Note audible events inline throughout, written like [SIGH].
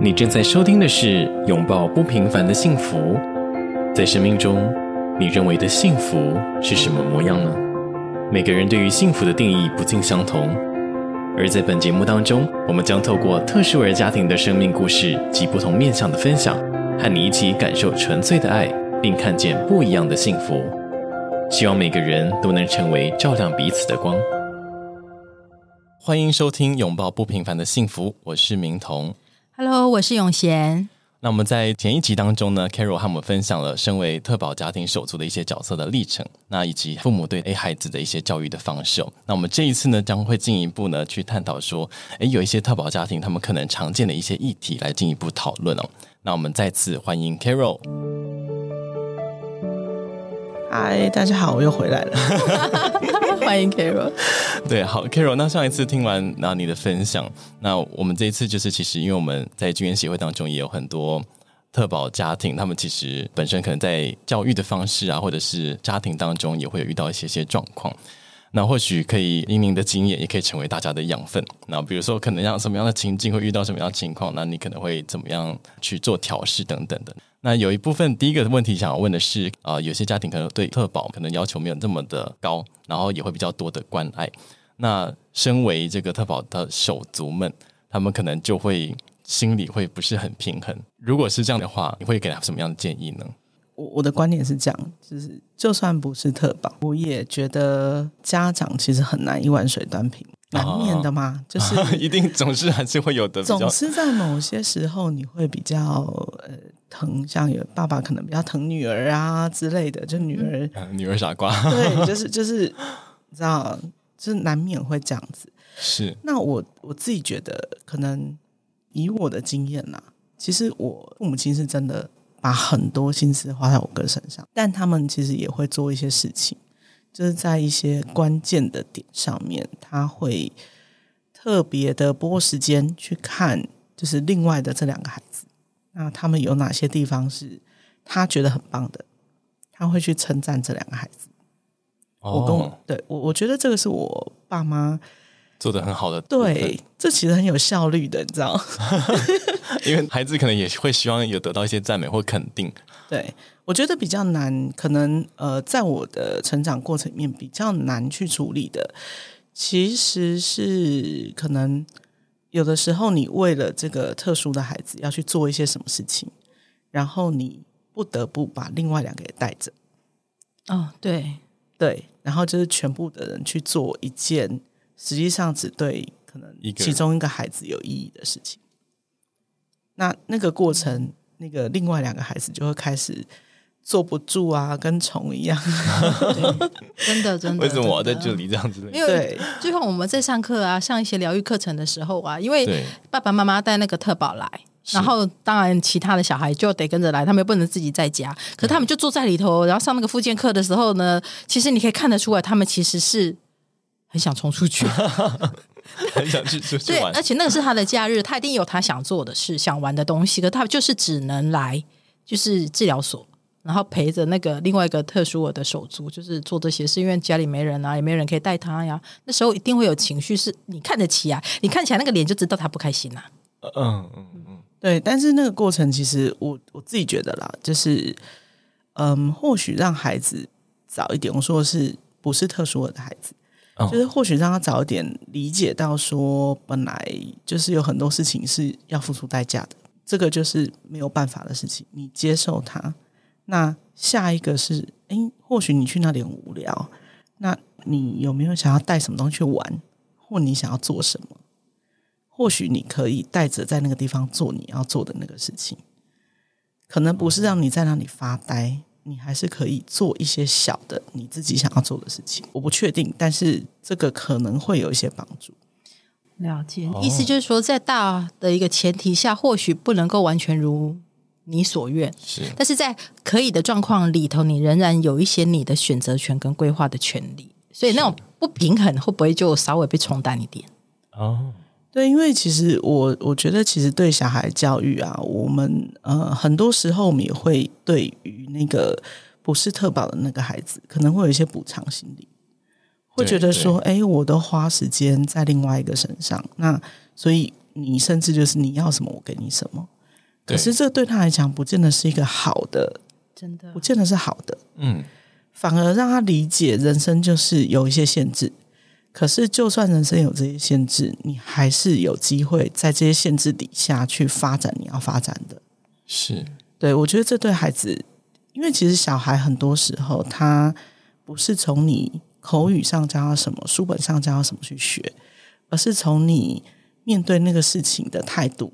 你正在收聽的是《擁抱不平凡的幸福》。在生命中，你認為的幸福是什麼模樣呢？每個人對於幸福的定義不盡相同。而在本節目當中，我們將透過特殊兒家庭的生命故事及不同面向的分享，和你一起感受純粹的愛，並看見不一樣的幸福。希望每個人都能成為照亮彼此的光。歡迎收聽《擁抱不平凡的幸福》，我是明彤。Hello，我是永賢。那我們在前一集當中呢，Carol 和我們分享了身為特寶家庭手足的一些角色的歷程，那以及父母對 A 孩子的一些教育的方式哦。那我們這一次呢，將會進一步呢去探討說誒，有一些特寶家庭他們可能常見的一些議題來進一步討論哦。那我們再次歡迎 Carol。Hi，大家好，我又回來了。 [LAUGHS] 歡迎 Carol。對，好，Carol。那上一次聽完那你的分享，那我們這一次就是其實，因為我們在鈞硯協會當中也有很多特寶家庭，他們其實本身可能在教育的方式啊，或者是家庭當中也會有遇到一些些狀況。那或許可以，因為您的經驗也可以成為大家的養分。那比如說，可能要什麼樣的情境會遇到什麼樣的情況，那你可能會怎麼樣去做調適等等的。那有一部分，第一個問題想要問的是，啊、呃，有些家庭可能對特寶可能要求沒有這麼的高，然後也會比較多的關愛。那身為這個特寶的手足們，他們可能就會心裡會不是很平衡。如果是這樣的話，你會給他什麼樣的建議呢？我我的觀點是這樣，就是就算不是特寶，我也覺得家長其實很難一碗水端平，哦、難免的嘛，就是一定總是還是會有的，總是在某些時候你會比較呃疼，像有爸爸可能比較疼女兒啊之類的，就女兒、嗯、女兒傻瓜，對，就是就是你知道，就是難免會這樣子。是那我我自己覺得，可能以我的經驗吶、啊，其實我父母親是真的。把很多心思花在我哥身上，但他們其實也會做一些事情，就是在一些關鍵的點上面，他會特別的撥時間去看，就是另外的這兩個孩子，那他們有哪些地方是他覺得很棒的，他會去稱讚這兩個孩子。哦，我跟我對我我覺得這個是我爸媽做得很好的對，對，這其實很有效率的，你知道。 [LAUGHS] 因為孩子可能也會希望有得到一些讚美或肯定 [LAUGHS] 。對，我覺得比較難，可能呃，在我的成長過程裡面比較難去處理的，其實是可能有的時候，你為了這個特殊的孩子要去做一些什麼事情，然後你不得不把另外兩個也帶着。哦，對對，然後就是全部的人去做一件實際上只對可能其中一個孩子有意義的事情。那那個過程，那個另外兩個孩子，就會開始坐不住啊，跟蟲一樣 [LAUGHS] 。真的，真的。為什麼我要在這裡這樣子？因為最後我們在上課啊，上一些療育課程的時候啊，因為爸爸媽媽帶那個特寶來，然後當然其他的小孩就得跟着來，他們又不能自己在家。可是他們就坐在裡頭，然後上那個復健課的時候呢，其實你可以看得出來，他們其實是很想衝出去。 [LAUGHS] [LAUGHS] 很想去， [LAUGHS] 對， [LAUGHS] 對，而且那個是他的假日， [LAUGHS] 他一定有他想做的事， [LAUGHS] 想玩的東西。可他就是只能來，就是治療所，然後陪着那個另外一個特殊兒的手足，就是做這些事。因為家裡沒人啊，也沒人可以帶他呀。那時候一定會有情緒是，是你看得起啊，你看起來那個臉就知道他不開心啊。嗯嗯嗯嗯，對。但是那個過程，其實我我自己覺得啦，就是嗯，或許讓孩子早一點。我說的是不是特殊兒的孩子？就是或許讓他早一點理解到，說本來就是有很多事情是要付出代價的，這個就是沒有辦法的事情，你接受它。那下一個是，誒、欸，或許你去那裡很無聊，那你有沒有想要帶什麼東西去玩，或你想要做什麼？或許你可以帶着在那個地方做你要做的那個事情，可能不是讓你在那裡發呆。你還是可以做一些小的你自己想要做的事情。我不確定，但是這個可能會有一些幫助。了解，意思就是說，在大的一個前提下，或許不能夠完全如你所願。是，但是在可以的狀況裡頭，你仍然有一些你的選擇權跟規劃的權利。所以那種不平衡會不會就稍微被沖淡一點？哦。對，因為其實我我覺得，其實對小孩教育啊，我們呃很多時候我們也會對於那個不是特寶的那個孩子，可能會有一些補償心理，會覺得說，哎、欸，我都花時間在另外一個身上，那所以你甚至就是你要什麼我給你什麼，可是這對他來講，不見得是一個好的，真的不見得是好的，嗯，反而讓他理解人生就是有一些限制。可是，就算人生有這些限制，你還是有機會在這些限制底下去發展你要發展的。是，對，我覺得這對孩子，因為其實小孩很多時候他不是從你口語上教到什麼，書本上教到什麼去學，而是從你面對那個事情的態度，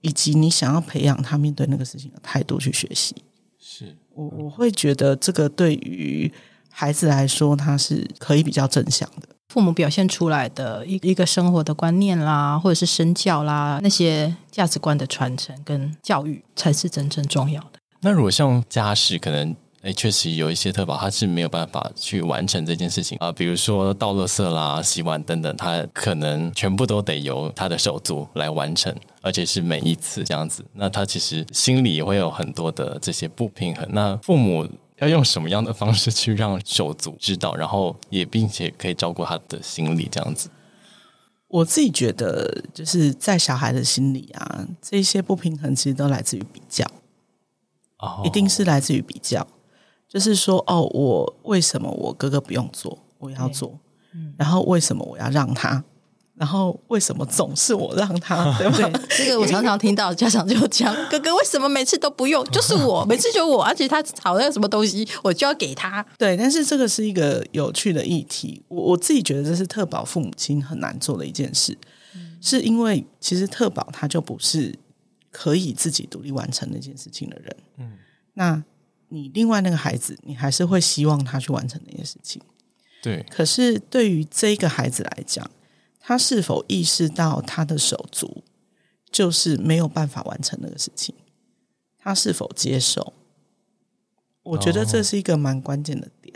以及你想要培養他面對那個事情的態度去學習。是，我我會覺得這個對於孩子來說，他是可以比較正向的。父母表現出來的一一個生活的觀念啦，或者是身教啦，那些價值觀的傳承跟教育，才是真正重要的。那如果像家事，可能誒確實有一些特寶，他是沒有辦法去完成這件事情啊、呃。比如說倒垃圾啦、洗碗等等，他可能全部都得由他的手足來完成，而且是每一次這樣子。那他其實心裡也會有很多的這些不平衡。那父母。要用什麼樣的方式去讓手足知道，然後也並且可以照顧他的心理這樣子？我自己覺得，就是在小孩的心裡啊，這些不平衡其實都來自於比較，哦，一定是來自於比較。就是說，哦，我為什麼我哥哥不用做，我要做？然後為什麼我要讓他？然後為什麼總是我讓他，啊，對不對？這個我常常聽到 [LAUGHS] 家長就講：“哥哥，為什麼每次都不用？就是我每次就我，而且他吵那個什麼東西，我就要給他。”對，但是這個是一個有趣的議題。我我自己覺得這是特寶父母親很難做的一件事，嗯，是因為其實特寶他就不是可以自己獨立完成那件事情的人。嗯，那你另外那個孩子，你還是會希望他去完成那件事情。對，可是對於這一個孩子來講。他是否意識到他的手足就是沒有辦法完成那個事情？他是否接受？我覺得這是一個蠻關鍵的點。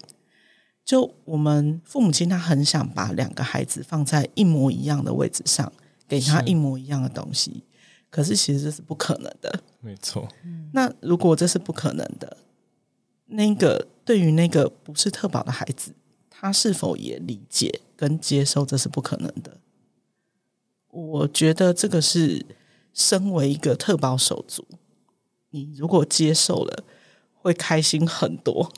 就我們父母親，他很想把兩個孩子放在一模一樣的位置上，給他一模一樣的東西。可是其實這是不可能的。沒錯。那如果這是不可能的，那個對於那個不是特寶的孩子。他是否也理解跟接受？這是不可能的。我覺得這個是，身為一個特寶手足，你如果接受了，會開心很多。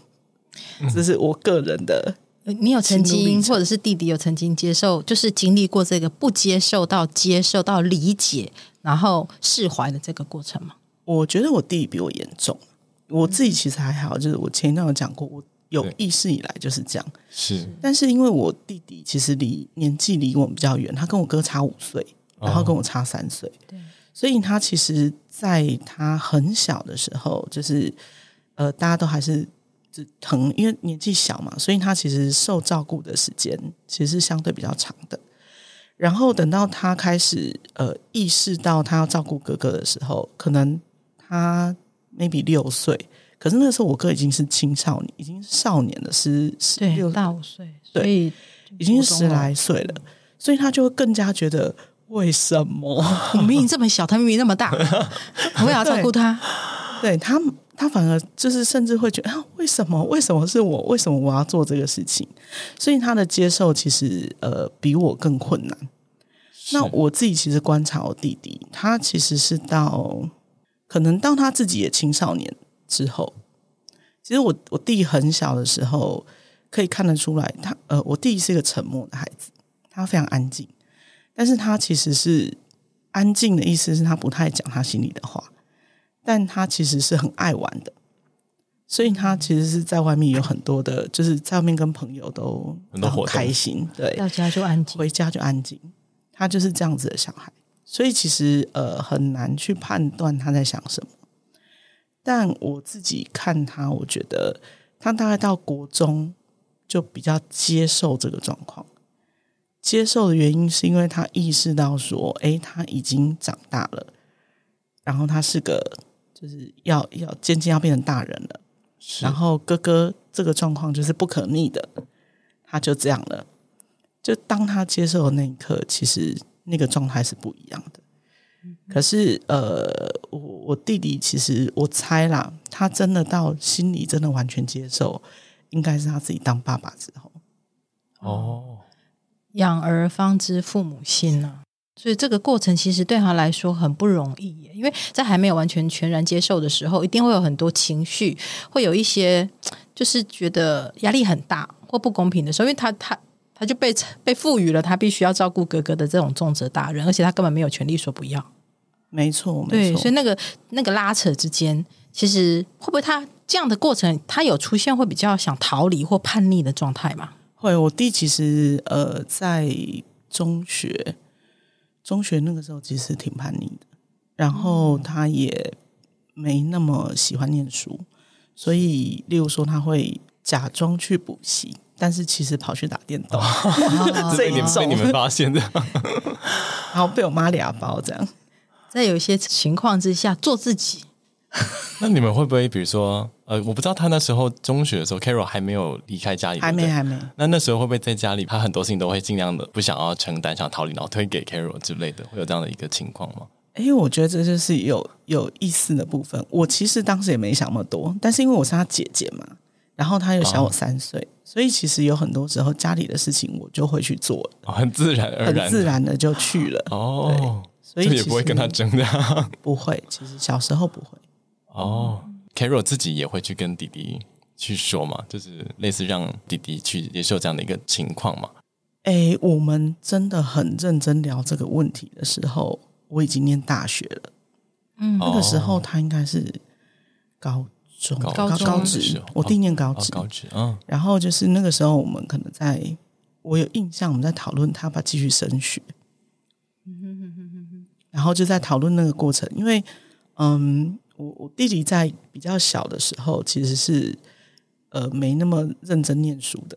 嗯、這是我個人的、嗯。你有曾經，或者是弟弟有曾經接受，就是經歷過這個不接受到接受到理解，然後釋懷的這個過程嗎？我覺得我弟弟比我嚴重，我自己其實還好。嗯、就是我前一段有講過我。有意識以來就是這樣，是。但是因為我弟弟其實離年紀離我們比較遠，他跟我哥差五歲，然後跟我差三歲。哦、對。所以他其實，在他很小的時候，就是呃，大家都還是就疼，因為年紀小嘛，所以他其實受照顧的時間其實是相對比較長的。然後等到他開始呃意識到他要照顧哥哥的時候，可能他那 a 六歲。可是那個時候，我哥已經是青少年，已經少年了十，十十六大五歲，所以已經是十來歲了，嗯，所以他就會更加覺得為什麼我明明這麼小，他明明那麼大， [LAUGHS] 我要，要照顧他，對，對他，他反而就是甚至會覺得啊，為什麼？為什麼是我？為什麼我要做這個事情？所以他的接受其實呃比我更困難。那我自己其實觀察我弟弟，他其實是到可能到他自己也青少年。之後，其實我我弟很小的時候可以看得出來他，他呃，我弟是一個沉默的孩子，他非常安靜，但是他其實是安靜的意思是他不太講他心裡的話，但他其實是很愛玩的，所以他其實是在外面有很多的，就是在外面跟朋友都，很，都很開心，對，到家就安靜，回家就安靜，他就是這樣子的小孩，所以其實呃很難去判斷他在想什麼。但我自己看他，我覺得他大概到國中就比較接受這個狀況。接受的原因是因為他意識到說，誒，他已經長大了，然後他是個就是要要漸漸要變成大人了。然後哥哥這個狀況就是不可逆的，他就這樣了。就當他接受的那一刻，其實那個狀態是不一樣的。可是，呃，我我弟弟其實我猜啦，他真的到心裡真的完全接受，應該是他自己當爸爸之後哦，養兒方知父母心吶啊。所以這個過程其實對他來說很不容易耶，因為在還沒有完全全然接受的時候，一定會有很多情緒，會有一些就是覺得壓力很大或不公平的時候，因為他他。他就被被賦予了他必須要照顧哥哥的這種重責大任，而且他根本沒有權利說不要。沒錯，沒錯，對，所以那個那個拉扯之間，其實會不會他這樣的過程，他有出現會比較想逃離或叛逆的狀態嗎？會，我弟其實呃，在中學中學那個時候，其實挺叛逆的，然後他也沒那麼喜歡念書，所以例如說他會假裝去補習。但是其實跑去打電動，這一點被你們發現的，哦。然後被我媽倆包這樣，在有一些情況之下做自己。那你們會不會，比如說，呃，我不知道他那時候中學的時候，Carol 還沒有離開家裡，還沒還沒。那那時候會不會在家裡，他很多事情都會儘量的不想要承擔，想逃離，然後推給 Carol 之類的，會有這樣的一個情況嗎？哎，我覺得這就是有有意思的部分。我其實當時也沒想那麼多，但是因為我是他姐姐嘛。然後他又小我三歲，哦，所以其實有很多時候家裡的事情我就會去做，哦，很自然而然的很自然的就去了哦。對，所以也不會跟他爭的，不會。其實小時候不會。哦，Carol 自己也會去跟弟弟去說嘛，就是類似讓弟弟去接受這樣的一個情況嘛。哎，欸，我們真的很認真聊這個問題的時候，我已經念大學了，嗯，那個時候他應該是高。高中、啊、高高職，我弟念高職、啊啊，高職、嗯、然後就是那個時候，我們可能在，我有印象，我們在討論他把繼續升學，然後就在討論那個過程，因為嗯，我我弟弟在比較小的時候，其實是呃沒那麼認真念書的，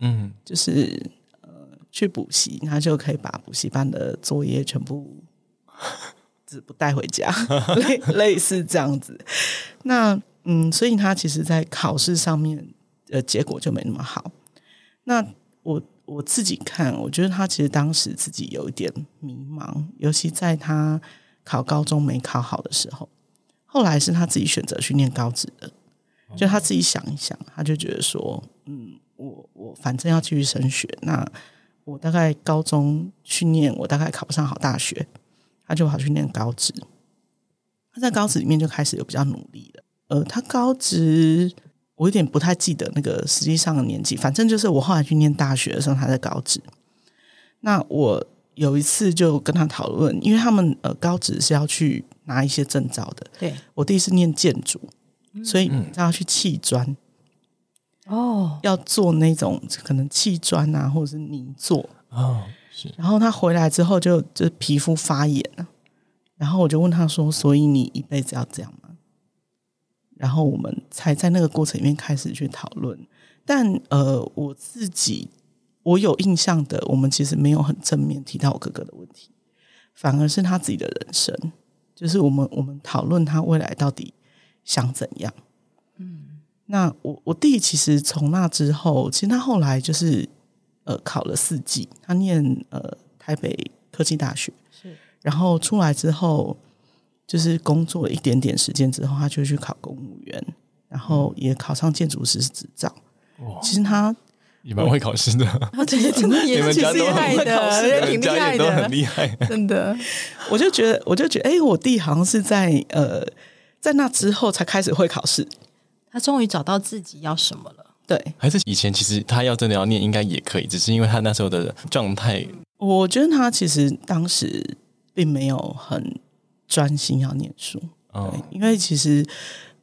嗯，就是呃去補習，他就可以把補習班的作業全部只不帶回家， [LAUGHS] 類類似這樣子，那。嗯，所以他其實在考試上面的結果就沒那麼好。那我我自己看，我覺得他其實當時自己有一點迷茫，尤其在他考高中沒考好的時候。後來是他自己選擇去念高職的，就他自己想一想，他就覺得說，嗯，我我反正要繼續升學，那我大概高中去念，我大概考不上好大學，他就跑去念高職。他在高職裡面就開始有比較努力。呃，他高職，我有點不太記得那個實際上的年紀。反正就是我後來去念大學的時候，他在高職。那我有一次就跟他討論，因為他們呃高職是要去拿一些證照的。對，我第一次念建築、嗯，所以他要去砌磚。哦、嗯，要做那種可能砌磚啊，或者是泥做哦。是。然後他回來之後就就皮膚發炎了，然後我就問他說：“所以你一輩子要這樣嗎？”然後我們才在那個過程裡面開始去討論，但呃，我自己我有印象的，我們其實沒有很正面提到我哥哥的問題，反而是他自己的人生，就是我們我們討論他未來到底想怎樣。嗯，那我我弟其實從那之後，其實他後來就是呃考了四技，他念呃台北科技大學，是，然後出來之後。就是工作了一點點時間之後，他就會去考公務員、嗯，然後也考上建築師執照。哇！其實他也蠻會考試的，對真的，的，你們家都很會考試，也挺厲害的。會挺厲害的，很厲害。真的，我就覺得，我就覺得，哎、欸，我弟好像是在呃，在那之後才開始會考試。他終於找到自己要什麼了。對，還是以前其實他要真的要念，應該也可以，只是因為他那時候的狀態。我覺得他其實當時並沒有很。專心要念書。對、嗯，因為其實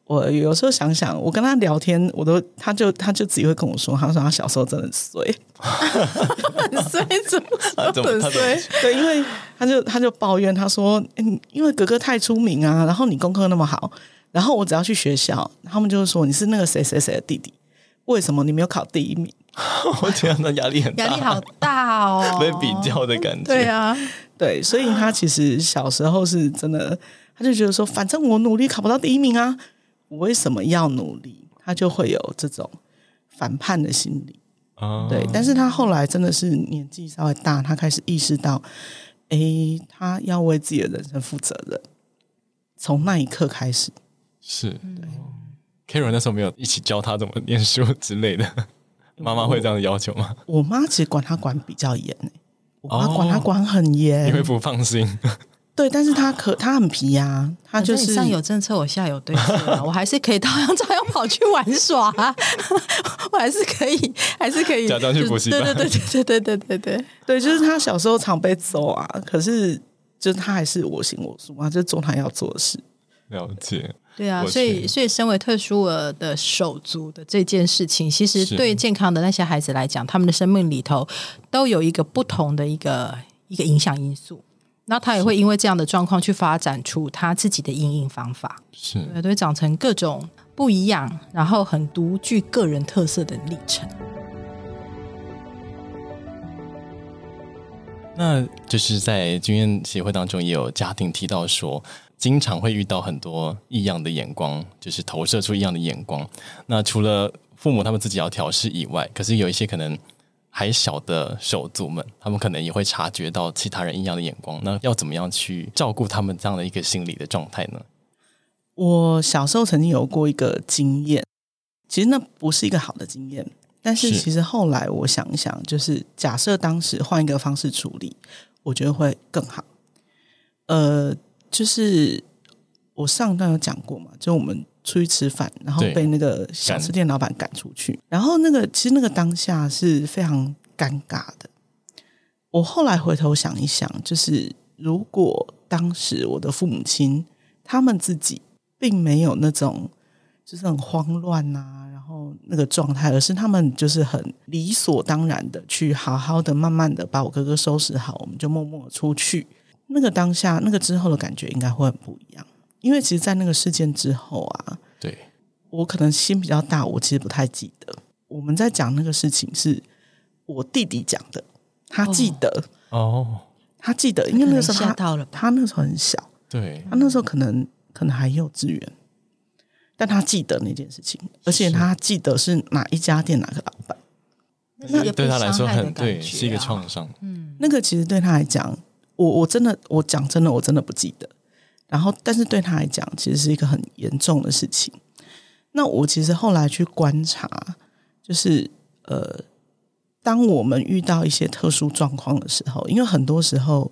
我有時候想想，我跟他聊天，我都他就他就自己會跟我說，他說他小時候真的很衰， [LAUGHS] [LAUGHS] 很衰，怎麼說很衰？衰對，因為他就他就抱怨，他說，欸、因為哥哥太出名啊，然後你功課那麼好，然後我只要去學校，他們就說你是那個誰誰誰的弟弟。為什麼你沒有考第一名？ [LAUGHS] 我覺得那壓力很大，壓力好大哦。被 [LAUGHS] 比較的感覺。對啊，對，所以他其實小時候是真的，他就覺得說，反正我努力考不到第一名啊，我為什麼要努力？他就會有這種反叛的心理。啊、對。但是他後來真的是年紀稍微大，他開始意識到，哎、欸，他要為自己的人生負責任。從那一刻開始，是，對，嗯 Karen 那時候沒有一起教他怎麼念書之類的，媽媽會這樣的要求嗎？我媽其實管他管比較嚴誒、欸，我媽管他管很嚴，哦，你會不放心。對，但是他可她很皮呀，啊，他就是我上有政策我下有對策，啊， [LAUGHS] 我還是可以照樣照樣跑去玩耍，啊， [LAUGHS] 我還是可以還是可以假裝去補習班。對對對對對對對對對，啊、對，就是他小時候常被揍啊，可是就是他還是我行我素啊，就做、是、他要做的事。了解。對啊，所以所以身為特殊兒的手足的這件事情，其實對健康的那些孩子來講，他們的生命裡頭都有一個不同的一個一個影響因素，那他也會因為這樣的狀況去發展出他自己的因應方法，是對，對，長成各種不一樣，然後很獨具個人特色的歷程。那就是在鈞硯協會當中，也有家庭提到說，經常會遇到很多異樣的眼光，就是投射出異樣的眼光。那除了父母他們自己要調試以外，可是有一些可能還小的手足們，他們可能也會察覺到其他人異樣的眼光。那要怎麼樣去照顧他們這樣的一個心理的狀態呢？我小時候曾經有過一個經驗，其實那不是一個好的經驗，但是其實後來我想一想，就是假設當時換一個方式處理，我覺得會更好。呃。就是我上段有講過嘛，就我們出去吃飯，然後被那個小吃店老闆趕出去，然後那個其實那個當下是非常尷尬的。我後來回頭想一想，就是如果當時我的父母親他們自己並沒有那種就是很慌亂啊，然後那個狀態，而是他們就是很理所當然的去好好的、慢慢的把我哥哥收拾好，我們就默默出去。那個當下，那個之後的感覺應該會很不一樣，因為其實，在那個事件之後啊，對，我可能心比較大，我其實不太記得。我們在講那個事情，是我弟弟講的，他記得哦，哦，他記得，因為那時候他到了，他那時候很小，對，他那時候可能可能還幼稚園，但他記得那件事情，而且他記得是哪一家店哪個老闆，那對他來說很大，是一個創傷，嗯、啊，那個其實對他來講。我我真的我講真的我真的不記得，然後但是對他來講，其實是一個很嚴重的事情。那我其實後來去觀察，就是呃，當我們遇到一些特殊狀況的時候，因為很多時候，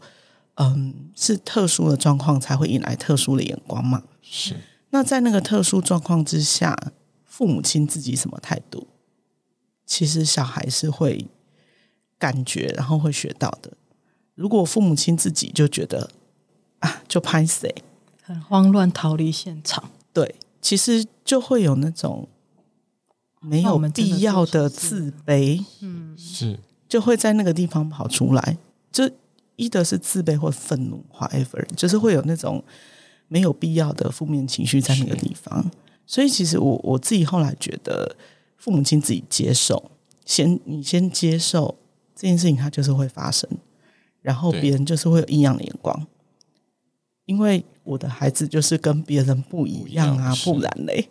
嗯、呃，是特殊的狀況才會引來特殊的眼光嘛。是。那在那個特殊狀況之下，父母親自己什麼態度？其實小孩是會感覺，然後會學到的。如果父母親自己就覺得啊，就拍誰，很慌亂逃離現場。對，其實就會有那種沒有必要的自卑，嗯，是就會在那個地方跑出來。就 either 是自卑或憤怒，whatever，就是會有那種沒有必要的負面情緒在那個地方。所以，其實我我自己後來覺得，父母親自己接受，先你先接受這件事情，它就是會發生。然後別人就是會有異樣的眼光，因為我的孩子就是跟別人不一樣啊，不,不然嘞，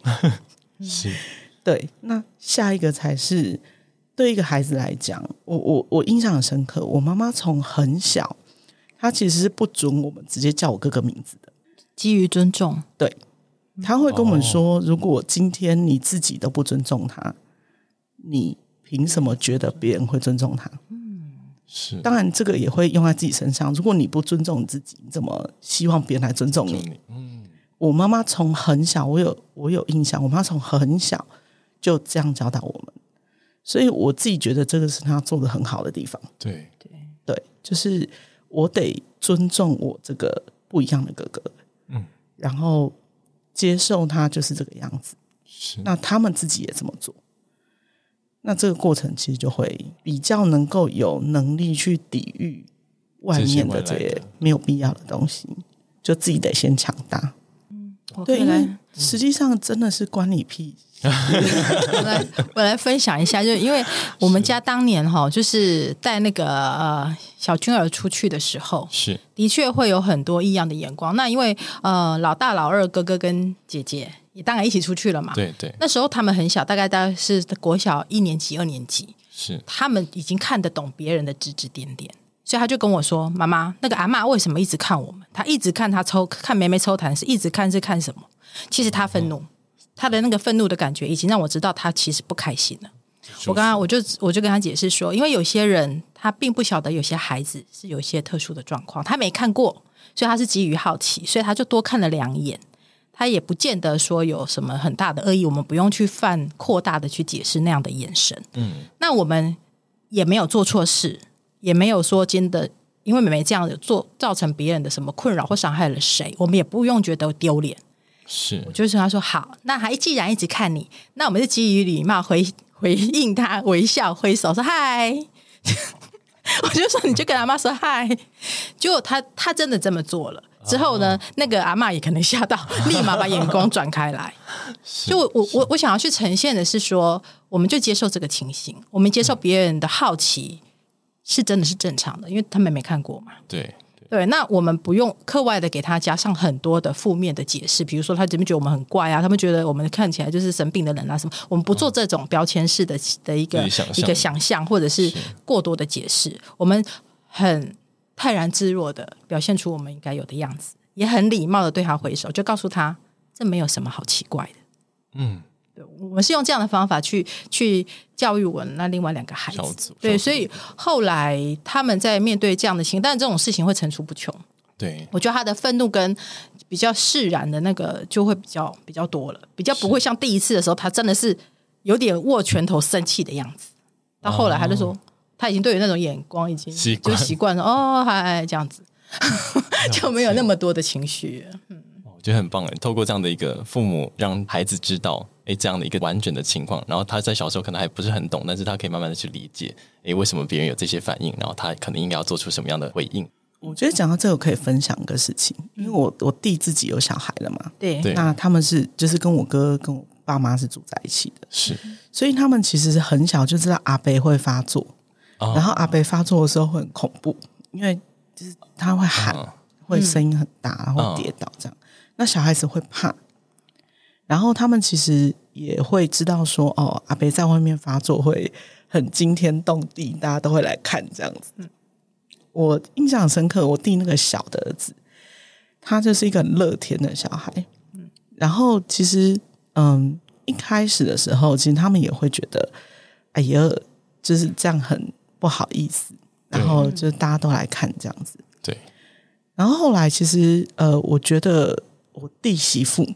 是, [LAUGHS] 是。對，那下一個才是對一個孩子來講，我我我印象很深刻，我媽媽從很小，她其實是不准我們直接叫我哥哥名字的，基於尊重。對，她會跟我們說，哦，如果今天你自己都不尊重他，你憑什麼覺得別人會尊重他？是，當然這個也會用在自己身上。如果你不尊重你自己，你怎麼希望別人來尊重你？嗯，我媽媽從很小，我有我有印象，我媽從很小就這樣教導我們，所以我自己覺得這個是她做得很好的地方。對對，就是我得尊重我這個不一樣的哥哥，嗯，然後接受他就是這個樣子。是，那他們自己也這麼做。那這個過程其實就會比較能夠有能力去抵禦外面的這些沒有必要的東西，就自己得先強大。嗯，對啊。實際上真的是關你屁、嗯！我來我來分享一下，就因為我們家當年哈、哦，就是帶那個呃，小君兒出去的時候，是的確會有很多異樣的眼光。那因為呃老大老二哥哥跟姐姐也當然一起出去了嘛，對對。那時候他們很小，大概大概是國小一年級、二年級，是他們已經看得懂別人的指指點點，所以他就跟我說：“媽媽，那個阿嬤為什麼一直看我們？他一直看他抽看妹妹抽痰，是一直看是看什麼？”其實他憤怒哦哦，他的那個憤怒的感覺，已經讓我知道他其實不開心了。是是，我剛剛我就我就跟他解釋說，因為有些人他並不曉得有些孩子是有一些特殊的狀況，他沒看過，所以他是基於好奇，所以他就多看了兩眼。他也不見得說有什麼很大的惡意，我們不用去犯擴大的去解釋那樣的眼神。嗯，那我們也沒有做錯事，也沒有說真的因為妹妹這樣子做造成別人的什麼困擾或傷害了誰，我們也不用覺得丟臉。是，我就說他說好，那他既然一直看你，那我們就基於禮貌回回應他微笑揮手說嗨， [LAUGHS] 我就說你就跟阿嬤說嗨，結果他他真的這麼做了之後呢，啊、那個阿嬤也可能嚇到，立馬把眼光轉開來。 [LAUGHS] 就我我我想要去呈現的是說，我們就接受這個情形，我們接受別人的好奇、嗯、是真的是正常的，因為他們沒看過嘛。對。對，那我們不用課外的給他加上很多的負面的解釋，比如說他怎麼覺得我們很怪啊，他們覺得我們看起來就是神病的人啊什麼，我們不做這種標籤式的、嗯、的一個的一個想象，或者是過多的解釋的，我們很泰然自若的表現出我們應該有的樣子，也很禮貌的對他揮手，就告訴他這沒有什麼好奇怪的，嗯。我們是用這樣的方法去去教育我那另外兩個孩子，子子對子，所以後來他們在面對這樣的情，但這種事情會層出不窮。對，我覺得他的憤怒跟比較釋然的那個就會比較比較多了，比較不會像第一次的時候，他真的是有點握拳頭生氣的樣子。到後來他就說，哦，他已經對於那種眼光已經習慣了，哦，嗨，這樣子 [LAUGHS] 就沒有那麼多的情緒。嗯就很棒哎！透過這樣的一個父母，讓孩子知道，哎、欸，這樣的一個完整的情況。然後他在小時候可能還不是很懂，但是他可以慢慢的去理解，哎、欸，為什麼別人有這些反應，然後他可能應該要做出什麼樣的回應。我覺得講到這個，可以分享一個事情，因為我我弟自己有小孩了嘛，對，那他們是就是跟我哥跟我爸媽是住在一起的，是，所以他們其實是很小就知道阿伯會發作，然後阿伯發作的時候會很恐怖，因為就是他會喊，嗯、會聲音很大，會跌倒這樣。那小孩子會怕，然後他們其實也會知道說，哦，阿伯在外面發作會很驚天動地，大家都會來看這樣子。嗯。我印象深刻，我弟那個小的兒子，他就是一個很樂天的小孩。嗯。然後其實，嗯，一開始的時候，其實他們也會覺得，哎呀，就是這樣很不好意思，然後就大家都來看這樣子。嗯。對。然後後來，其實呃，我覺得。我弟媳婦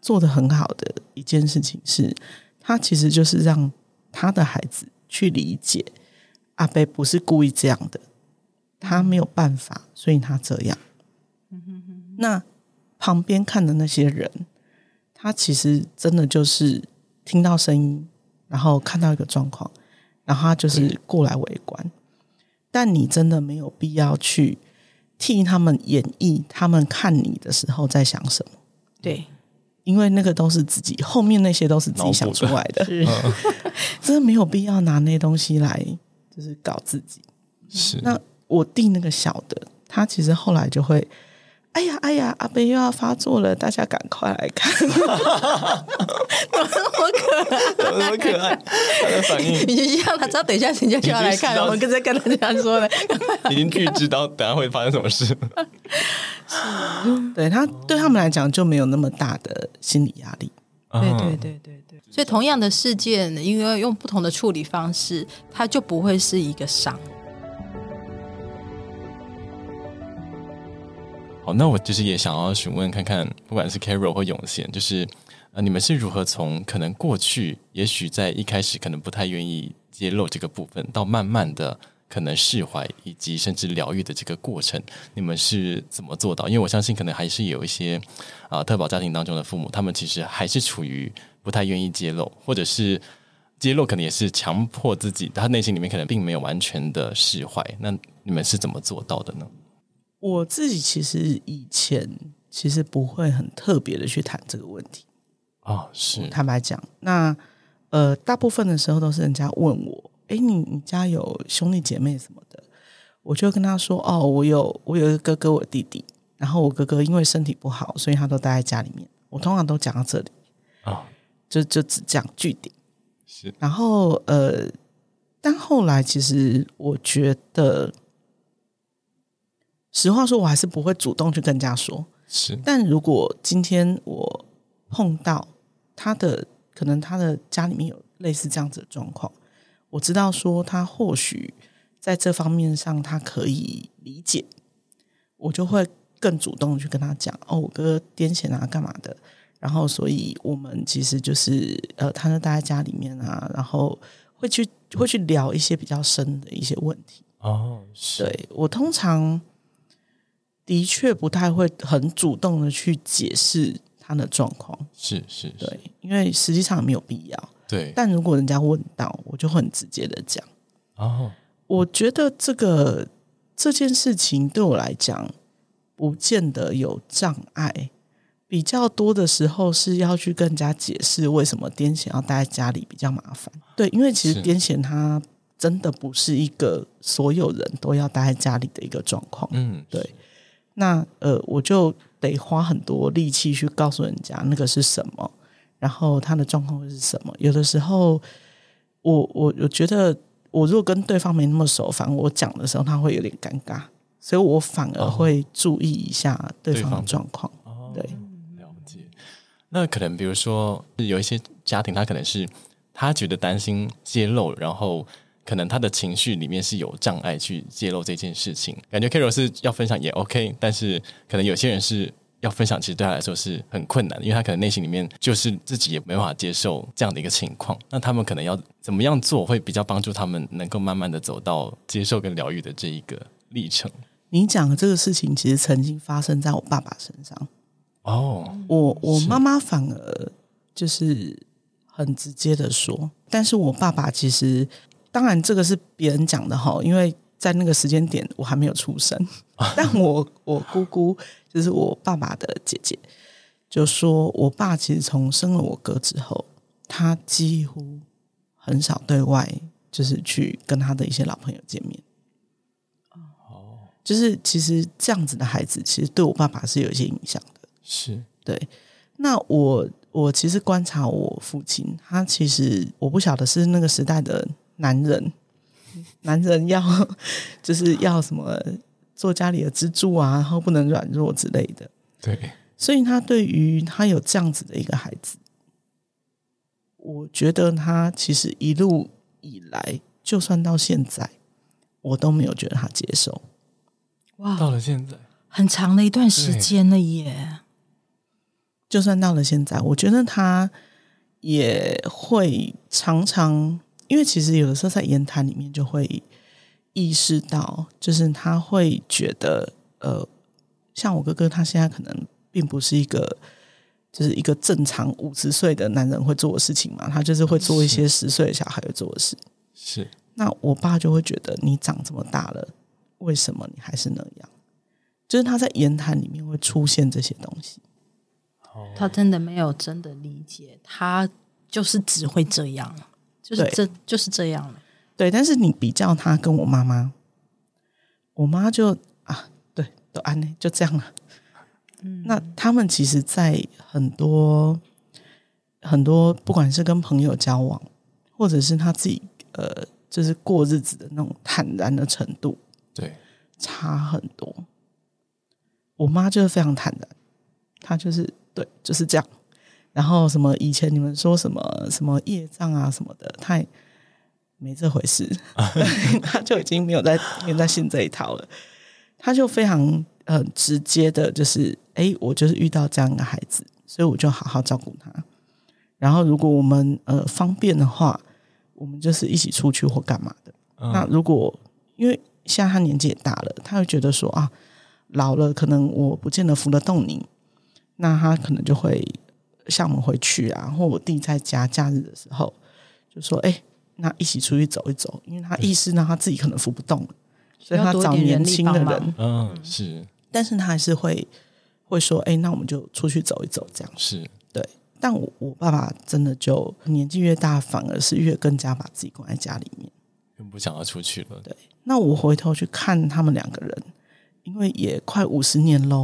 做得很好的一件事情是，他其實就是讓他的孩子去理解阿伯不是故意這樣的，他沒有辦法，所以他這樣。嗯、哼哼，那旁邊看的那些人，他其實真的就是聽到聲音，然後看到一個狀況，然後他就是過來圍觀。嗯、但你真的沒有必要去。替他們演繹，他們看你的時候在想什麼？對，因為那個都是自己，後面那些都是自己想出來的，腦補的是， [LAUGHS] 真的沒有必要拿那些東西來就是搞自己。是，那我弟那個小的，他其實後來就會。哎呀，哎呀，阿貝又要發作了，大家趕快來看！怎麼 [LAUGHS] 那麼可愛，怎麼 [LAUGHS] 那麼可愛，他的反應，你就、啊、要他知道，等一下人家就要來看，我們剛才跟他這樣說的，已經可以知道等下會發生什麼事 [LAUGHS] 是。對他對他們來講就沒有那麼大的心理壓力、嗯。對對對對對，所以同樣的事件，因為用不同的處理方式，他就不會是一個傷。好、哦，那我就是也想要詢問看看，不管是 Carol 或永賢，就是呃，你們是如何從可能過去，也許在一開始可能不太願意揭露這個部分，到慢慢的可能釋懷，以及甚至療癒的這個過程，你們是怎麼做到？因為我相信，可能還是有一些啊、呃，特寶家庭當中的父母，他們其實還是處於不太願意揭露，或者是揭露，可能也是強迫自己，他內心裡面可能並沒有完全的釋懷。那你們是怎麼做到的呢？我自己其實以前其實不會很特別的去談這個問題啊、哦，是坦白講，那呃，大部分的時候都是人家問我，哎，你你家有兄弟姐妹什麼的，我就跟他說，哦，我有我有一個哥哥，我弟弟，然後我哥哥因為身體不好，所以他都待在家裡面，我通常都講到這裡啊、哦，就就只講句點是，然後呃，但後來其實我覺得。實話說，我還是不會主動去跟人家說。是，但如果今天我碰到他的，可能他的家裡面有類似這樣子的狀況，我知道說他或許在這方面上他可以理解，我就會更主動去跟他講哦，我哥癲癇啊，幹嘛的？然後，所以我們其實就是呃，他在待在家裡面啊，然後會去會去聊一些比較深的一些問題。哦，是。對，我通常。的確不太會很主動的去解釋他的狀況，是，是，是，對，因為實際上沒有必要。對，但如果人家問到，我就很直接的講。哦，我覺得這個這件事情對我來講，不見得有障礙。比較多的時候是要去跟人家解釋為什麼癲癇要待在家裡比較麻煩。對，因為其實癲癇它真的不是一個所有人都要待在家裡的一個狀況。嗯，對。那呃，我就得花很多力氣去告訴人家那個是什麼，然後他的狀況會是什麼。有的時候，我我我覺得，我如果跟對方沒那麼熟，反正我講的時候他會有點尷尬，所以我反而會注意一下對方的狀況、哦對方的哦。對，了解。那可能比如說，有一些家庭他可能是他覺得擔心洩露，然後。可能他的情緒裡面是有障礙去揭露這件事情，感覺 Carol 是要分享也 OK，但是可能有些人是要分享，其實對他來說是很困難的，因為他可能內心裡面就是自己也沒辦法接受這樣的一個情況。那他們可能要怎麼樣做，會比較幫助他們能夠慢慢的走到接受跟療癒的這一個歷程？你講的這個事情，其實曾經發生在我爸爸身上。哦，我我媽媽反而就是很直接的說，是但是我爸爸其實。當然，這個是別人講的哈，因為在那個時間點，我還沒有出生。但我我姑姑就是我爸爸的姐姐，就說我爸其實從生了我哥之後，他幾乎很少對外，就是去跟他的一些老朋友見面。哦，就是其實這樣子的孩子，其實對我爸爸是有一些影響的。是對。那我我其實觀察我父親，他其實我不曉得是那個時代的。男人，男人要就是要什麼做家裡的支柱啊，然後不能軟弱之類的。對，所以他對於他有這樣子的一個孩子，我覺得他其實一路以來，就算到現在，我都沒有覺得他接受。哇，到了現在，很長的一段時間了耶！就算到了現在，我覺得他也會常常。因為其實有的時候在言談裡面就會意識到，就是他會覺得，呃，像我哥哥他現在可能並不是一個，就是一個正常五十歲的男人會做的事情嘛，他就是會做一些十歲的小孩會做的事。是。那我爸就會覺得你長這麼大了，為什麼你還是那樣？就是他在言談裡面會出現這些東西。哦。他真的沒有真的理解，他就是只會這樣。就是這就是這樣的，對。但是你比較他跟我媽媽，我媽就啊，對，都安呢，就這樣了。嗯，那他們其實，在很多很多，不管是跟朋友交往，或者是他自己，呃，就是過日子的那種坦然的程度，對，差很多。我媽就是非常坦然，她就是對，就是這樣。然後什麼以前你們說什麼什麼業障啊什麼的，太沒這回事。 [LAUGHS] 他就已經沒有在沒有在信這一套了。他就非常、呃、直接的，就是哎，我就是遇到這樣一個孩子，所以我就好好照顧他。然後如果我們呃方便的話，我們就是一起出去或幹嘛的。嗯、那如果因為現在他年紀也大了，他會覺得說啊，老了可能我不見得扶得動你，那他可能就會。像我們回去啊，或我弟在家假日的時候，就說：“哎、欸，那一起出去走一走。”因為他意識到他自己可能扶不動、嗯、所以他找年輕的人。嗯，是。但是他還是會會說：“哎、欸，那我們就出去走一走。”這樣是對。但我我爸爸真的就年紀越大，反而是越更加把自己關在家裡面，不想要出去了。對。那我回頭去看他們兩個人，因為也快五十年嘍、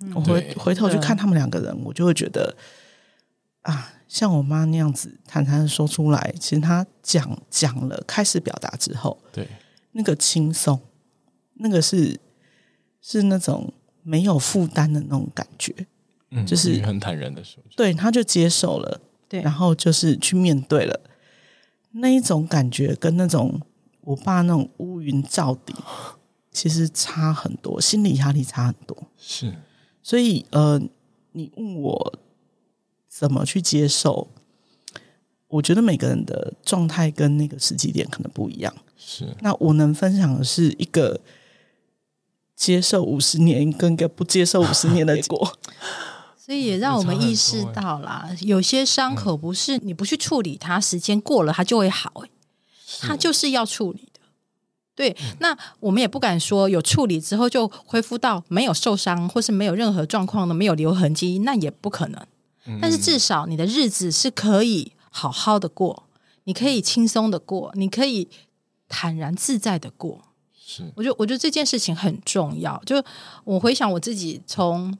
嗯，我回回頭去看他們兩個人，我就會覺得。啊，像我媽那樣子坦坦的說出來，其實她講講了，開始表達之後，對那個輕鬆，那個是是那種沒有負擔的那種感覺，嗯，就是很坦然的說，對，他就接受了，對，然後就是去面對了，那一種感覺跟那種我爸那種烏雲罩頂，其實差很多，心理壓力差很多，是，所以呃，你問我。怎麼去接受？我覺得每個人的狀態跟那個時機點可能不一樣。是，那我能分享的是一個接受五十年，跟一個不接受五十年的結果、啊。所以也讓我們意識到啦、嗯欸，有些傷口不是你不去處理它，時間過了它就會好、欸嗯。它就是要處理的。對，嗯、那我們也不敢說有處理之後就恢復到沒有受傷，或是沒有任何狀況的，沒有留痕跡，那也不可能。但是至少你的日子是可以好好的過，你可以輕鬆的過，你可以坦然自在的過。是，我覺得我覺得這件事情很重要。就我回想我自己從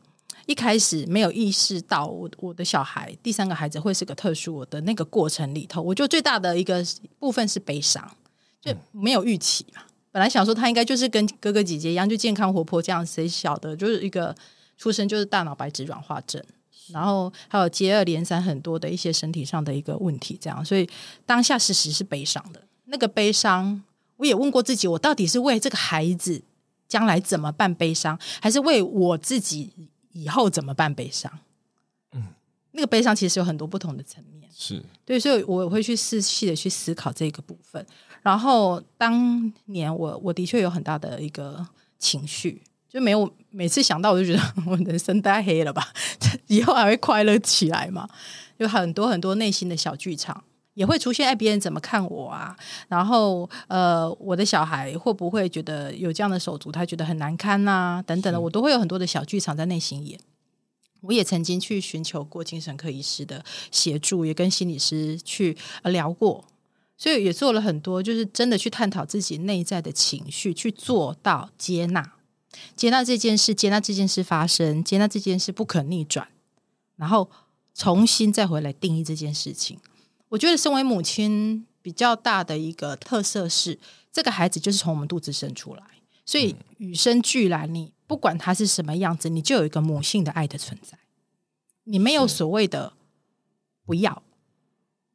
一開始沒有意識到我我的小孩第三個孩子會是個特殊，我的那個過程裡頭，我就最大的一個部分是悲傷，就沒有預期嘛。嗯，本來想說他應該就是跟哥哥姐姐一樣，就健康活潑這樣，誰曉得就是一個出生就是大腦白質軟化症。然後還有接二連三很多的一些身體上的一個問題，這樣，所以當下事實是悲傷的。那個悲傷，我也問過自己，我到底是為這個孩子將來怎麼辦悲傷，還是為我自己以後怎麼辦悲傷？嗯，那個悲傷其實有很多不同的層面，是對，所以我會去細細的去思考這個部分。然後當年我我的確有很大的一個情緒，就沒有。每次想到，我就覺得我人生太黑了吧？以後還會快樂起來嗎？有很多很多內心的小劇場，也會出現。別人怎麼看我啊？然後呃，我的小孩會不會覺得有這樣的手足，他覺得很難堪吶、啊？等等的，我都會有很多的小劇場在內心演。我也曾經去尋求過精神科醫師的協助，也跟心理師去、呃、聊過，所以也做了很多，就是真的去探討自己內在的情緒，去做到接納。接納這件事，接納這件事發生，接納這件事不可逆轉，然後重新再回來定義這件事情。我覺得身為母親比較大的一個特色是，這個孩子就是從我們肚子生出來，所以與生俱來，你不管他是什麼樣子，你就有一個母性的愛的存在。你沒有所謂的不要、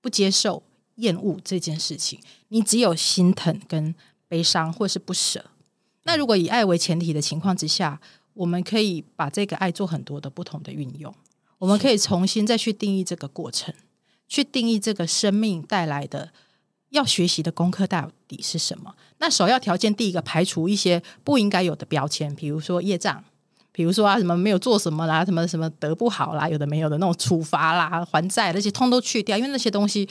不接受、厭惡這件事情，你只有心疼跟悲傷，或是不捨。那如果以愛為前提的情況之下，我們可以把這個愛做很多的不同的運用。我們可以重新再去定義這個過程，去定義這個生命帶來的要學習的功課到底是什麼。那首要條件，第一個排除一些不應該有的標籤，比如說業障，比如說啊什麼沒有做什麼啦，什麼什麼得不好啦，有的沒有的那種處罰啦，還債那些通都去掉，因為那些東西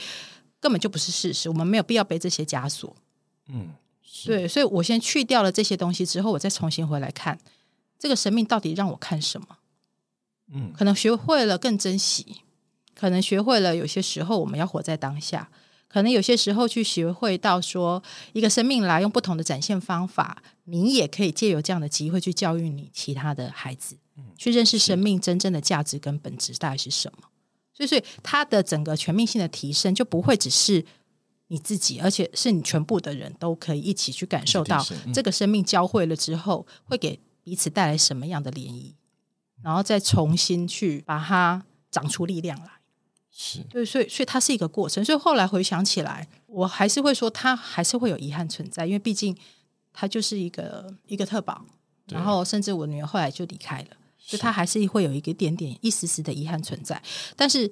根本就不是事實，我們沒有必要背這些枷鎖。嗯。對，所以我先去掉了這些東西之後，我再重新回來看這個生命到底讓我看什麼？嗯，可能學會了更珍惜，可能學會了有些時候我們要活在當下，可能有些時候去學會到說一個生命來用不同的展現方法，你也可以借由這樣的機會去教育你其他的孩子，嗯，去認識生命真正的價值跟本質大概是什麼。是。所以，所以它的整個全面性的提升就不會只是。你自己，而且是你全部的人都可以一起去感受到這個生命交匯了之後，會給彼此帶來什麼樣的漣漪，然後再重新去把它長出力量來。是對，所以，所以它是一個過程。所以後來回想起來，我還是會說，它還是會有遺憾存在，因為畢竟它就是一個一個特寶，然後甚至我女兒後來就離開了，所以它還是會有一個點點、一絲絲的遺憾存在。但是。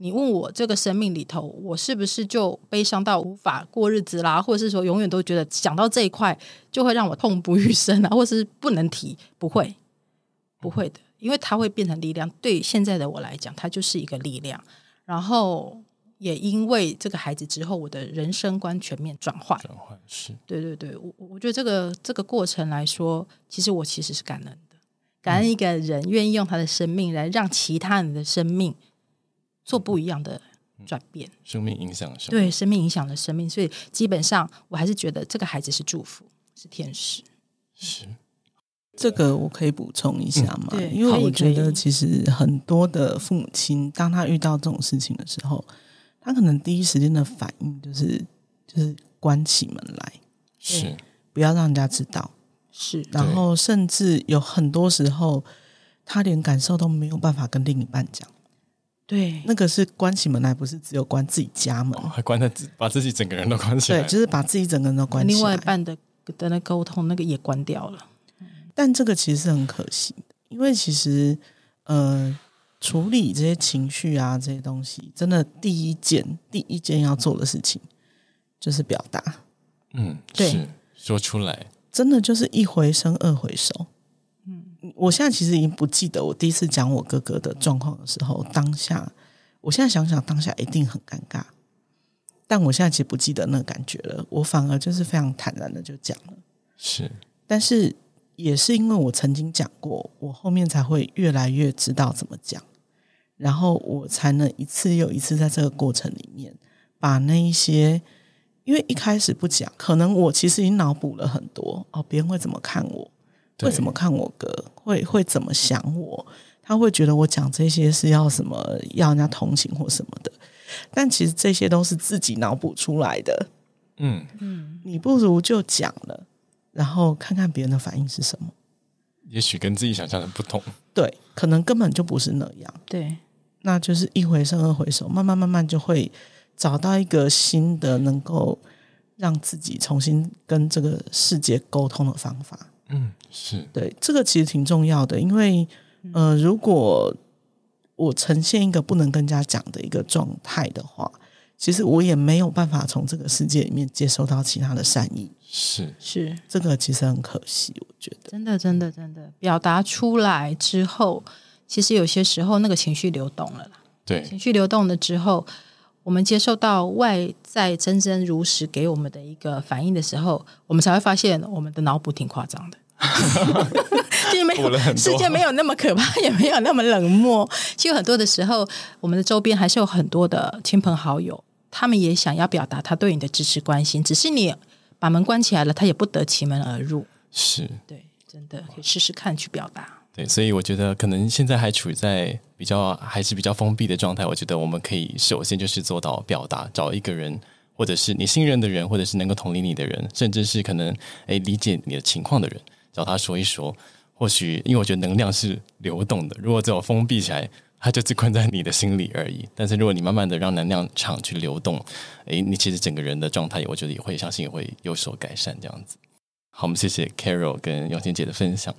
你問我這個生命裡頭，我是不是就悲傷到無法過日子啦，或者是說永遠都覺得想到這一塊就會讓我痛不欲生啊，或是不能提？不會，不會的，因為它會變成力量。對現在的我來講，它就是一個力量。然後也因為這個孩子之後，我的人生觀全面轉換。轉換，是。對對對，我我覺得這個這個過程來說，其實我其實是感恩的，感恩一個人願意用他的生命來讓其他人的生命。做不一樣的轉變，嗯，生命影響了生命，對，生命影響了生命，所以基本上我還是覺得這個孩子是祝福，是天使。是，這個我可以補充一下嘛。嗯？因為我覺得其實很多的父母親，當他遇到這種事情的時候，他可能第一時間的反應就是就是關起門來，是不要讓人家知道，是，然後甚至有很多時候他連感受都沒有辦法跟另一半講。對，那個是關起門來，還不是只有關自己家門，哦、還關在把自己整個人都關起來，對，就是把自己整個人都關起來，另外一半的跟他溝通那個也關掉了、嗯。但這個其實很可惜，因為其實呃，處理這些情緒啊這些東西，真的第一件第一件要做的事情就是表達，嗯，對，說出來，真的就是一回生二回熟。我現在其實已經不記得我第一次講我哥哥的狀況的時候，當下。我現在想想，當下一定很尷尬，但我現在其實不記得那個感覺了。我反而就是非常坦然的就講了。是，但是也是因為我曾經講過，我後面才會越來越知道怎麼講，然後我才能一次又一次在這個過程裡面把那一些，因為一開始不講，可能我其實已經腦補了很多，哦，別人會怎麼看我。會怎麼看我哥，會會怎麼想我？他會覺得我講這些是要什麼，要人家同情或什麼的？但其實這些都是自己腦補出來的。嗯嗯，你不如就講了，然後看看別人的反應是什麼。也許跟自己想象的不同。對，可能根本就不是那樣。對，那就是一回生二回熟，慢慢慢慢就會找到一個新的能夠讓自己重新跟這個世界溝通的方法。嗯，是，對，這個其實挺重要的，因為呃，如果我呈現一個不能跟人家講的一個狀態的話，其實我也沒有辦法從這個世界裡面接收到其他的善意。是，是，這個其實很可惜，我覺得真的真的真的表達出來之後，其實有些時候那個情緒流動了，對，情緒流動了之後。我們接受到外在真正如實給我們的一個反應的時候，我們才會發現我們的腦補挺誇張的，就是 [LAUGHS] 沒有很多，世界沒有那麼可怕，也沒有那麼冷漠。其實很多的時候，我們的周邊還是有很多的親朋好友，他們也想要表達他對你的支持關心，只是你把門關起來了，他也不得其門而入。是，對，真的，可以試試看去表達。對，所以我覺得可能現在還處在比較還是比較封閉的狀態。我覺得我們可以首先就是做到表達，找一個人，或者是你信任的人，或者是能夠同理你的人，甚至是可能誒理解你的情況的人，找他說一說。或許因為我覺得能量是流動的，如果這種封閉起來，它就只困在你的心裡而已。但是如果你慢慢的讓能量場去流動，誒，你其實整個人的狀態，我覺得也會相信也會有所改善。這樣子，好，我們謝謝 Carol 跟永仙姐的分享。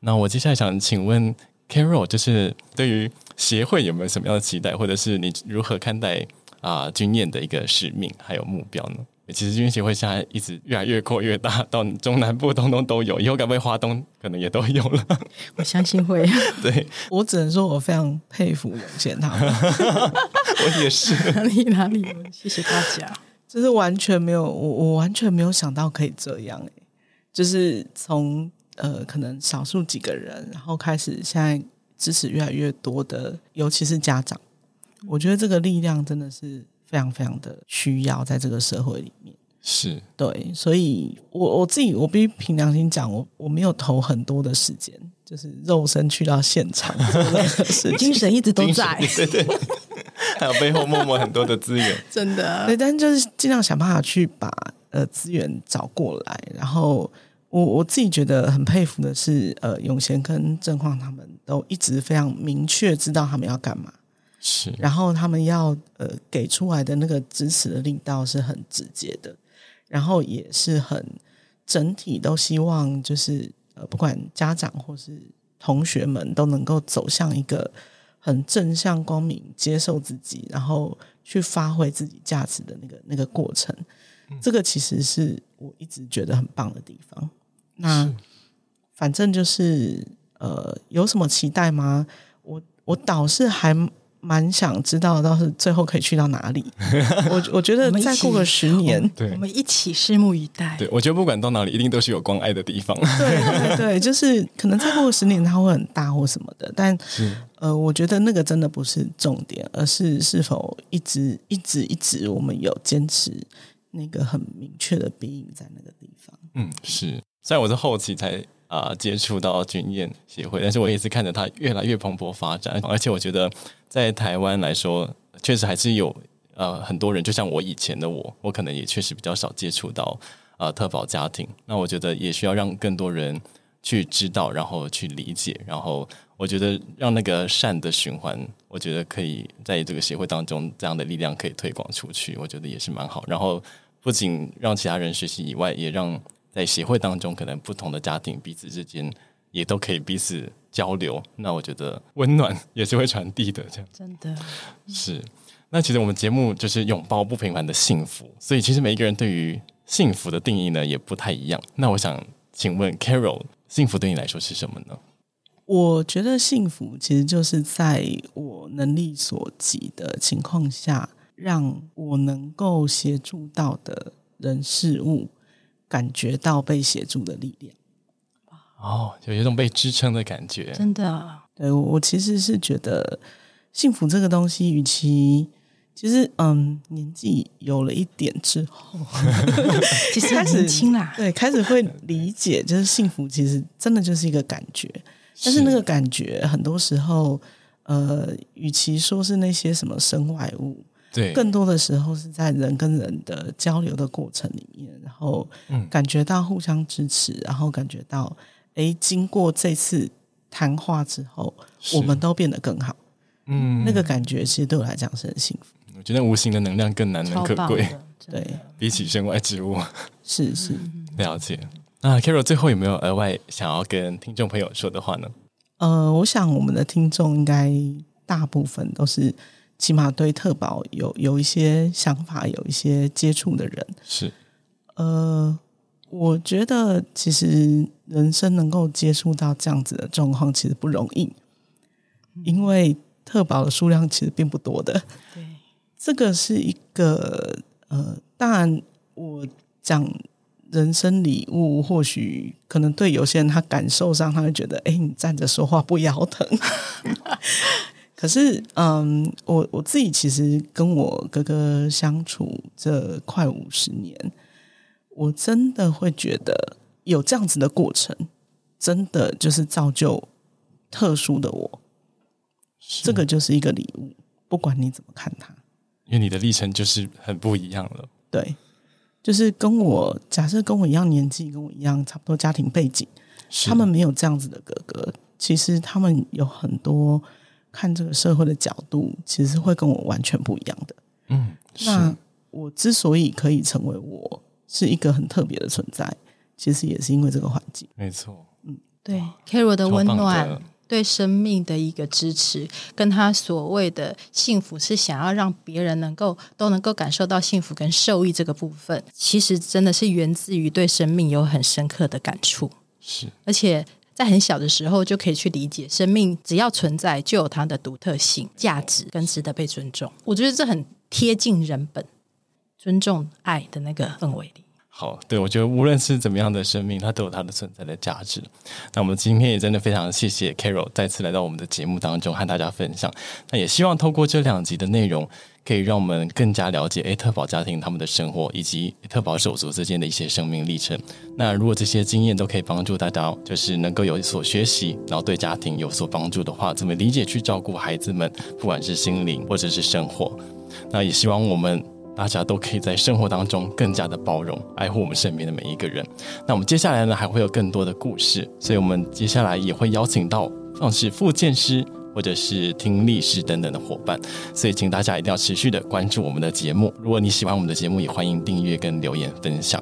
那我接下來想請問 Carol，就是對於協會有沒有什麼樣的期待，或者是你如何看待啊、呃、鈞硯的一個使命還有目標呢？其實鈞硯協會現在一直越來越擴越大，到中南部東東都有，以後敢不會花東可能也都有了？我相信會。對，我只能說我非常佩服龍健他們。 [LAUGHS] [LAUGHS] 我也是，哪裡哪裡？謝謝大家，就是完全沒有我，我完全沒有想到可以這樣哎、欸，就是從。呃，可能少數幾個人，然後開始現在支持越來越多的，尤其是家長，我覺得這個力量真的是非常非常的需要，在這個社會裡面。是。對，所以我我自己我必須憑良心講，我我沒有投很多的時間，就是肉身去到現場， [LAUGHS] 精神一直都在，對、對、對，還有背後默默很多的資源， [LAUGHS] 真的，對，但是就是盡量想辦法去把呃資源找過來，然後。我我自己覺得很佩服的是，呃，永賢跟正晃他們都一直非常明確知道他們要幹嘛，是。然後他們要呃給出來的那個支持的力道是很直接的，然後也是很整體都希望就是呃不管家長或是同學們都能夠走向一個很正向光明、接受自己，然後去發揮自己價值的那個那個過程。嗯，這個其實是我一直覺得很棒的地方。那反正就是呃，有什麼期待嗎？我我倒是還蠻想知道，倒是最後可以去到哪裡？ [LAUGHS] 我我覺得再過個十年， [LAUGHS] 我們一起拭目以待。對，我覺得不管到哪裡，一定都是有關愛的地方。 [LAUGHS] 對對，就是可能再過個十年，它會很大或什麼的，但是呃，我覺得那個真的不是重點，而是是否一直一直一直，我們有堅持那個很明確的鼻影在那個地方。嗯，是。雖然我是後期才啊、呃、接觸到鈞硯協會，但是我也是看着它越來越蓬勃發展，而且我覺得在台灣來說，確實還是有呃很多人，就像我以前的我，我可能也確實比較少接觸到啊、呃、特寶家庭，那我覺得也需要讓更多人去知道，然後去理解，然後我覺得讓那個善的循環，我覺得可以在這個協會當中這樣的力量可以推廣出去，我覺得也是蠻好，然後不僅讓其他人學習以外，也讓。在協會當中，可能不同的家庭彼此之間也都可以彼此交流。那我覺得溫暖也是會傳遞的。這樣，真的是。那其實我們節目就是擁抱不平凡的幸福。所以，其實每一個人對於幸福的定義呢，也不太一樣。那我想請問，Carol，幸福對你來說是什麼呢？我覺得幸福其實就是在我能力所及的情況下，讓我能夠協助到的人事物。感覺到被協助的力量，哦，有一種被支撐的感覺。真的，對，我，我其實是覺得幸福這個東西，與其其實，嗯，年紀有了一點之後， [LAUGHS] 其實開始輕啦，對，開始會理解，就是幸福其實真的就是一個感覺，但是那個感覺很多時候，呃，與其說是那些什麼身外物。對，更多的時候是在人跟人的交流的過程裡面，然後感覺到互相支持，嗯、然後感覺到，哎，經過這次談話之後，我們都變得更好。嗯，那個感覺其實對我來講是很幸福。我覺得無形的能量更難能可貴，對、嗯，比起身外之物， [LAUGHS] 是是了解。那 Carol 最後有沒有額外想要跟聽眾朋友說的話呢？呃，我想我們的聽眾應該大部分都是。起碼對特保有有一些想法，有一些接觸的人是，呃，我覺得其實人生能夠接觸到這樣子的狀況其實不容易，嗯、因為特保的數量其實並不多的。對，這個是一個呃，當然我講人生禮物，或許可能對有些人他感受上，他會覺得，哎，你站着說話不腰疼。 [LAUGHS] 可是，嗯，我我自己其實跟我哥哥相處這快五十年，我真的會覺得有這樣子的過程，真的就是造就特殊的我。這個就是一個禮物，不管你怎麼看他，因為你的歷程就是很不一樣了。對，就是跟我假設跟我一樣年紀，跟我一樣差不多家庭背景，他們沒有這樣子的哥哥，其實他們有很多。看這個社會的角度，其實會跟我完全不一樣的。嗯，那是我之所以可以成為我是一個很特別的存在，其實也是因為這個環境。沒錯，嗯，對，Carol 的溫暖的，對生命的一個支持，跟他所謂的幸福，是想要讓別人能夠都能夠感受到幸福跟受益這個部分，其實真的是源自於對生命有很深刻的感觸。是，而且。在很小的時候就可以去理解，生命只要存在就有它的獨特性、價值跟值得被尊重。我覺得這很貼近人本、尊重愛的那個氛圍裡。好，對，我覺得無論是怎麼樣的生命，它都有它的存在的價值。那我們今天也真的非常謝謝 Carol 再次來到我們的節目當中和大家分享。那也希望透過這兩集的內容，可以讓我們更加了解誒，特寶家庭他們的生活，以及特寶手足之間的一些生命歷程。那如果這些經驗都可以幫助大家，就是能夠有所學習，然後對家庭有所幫助的話，怎麼理解去照顧孩子們，不管是心靈或者是生活？那也希望我們大家都可以在生活當中更加的包容，愛護我們身邊的每一個人。那我們接下來呢，還會有更多的故事，所以我們接下來也會邀請到放射復健師。或者是聽力師等等的夥伴，所以請大家一定要持續的關注我們的節目。如果你喜歡我們的節目，也歡迎訂閱跟留言分享。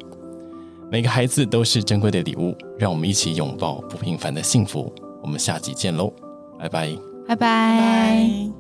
每個孩子都是珍貴的禮物，讓我們一起擁抱不平凡的幸福。我們下集見嘍，拜拜，拜拜。Bye bye。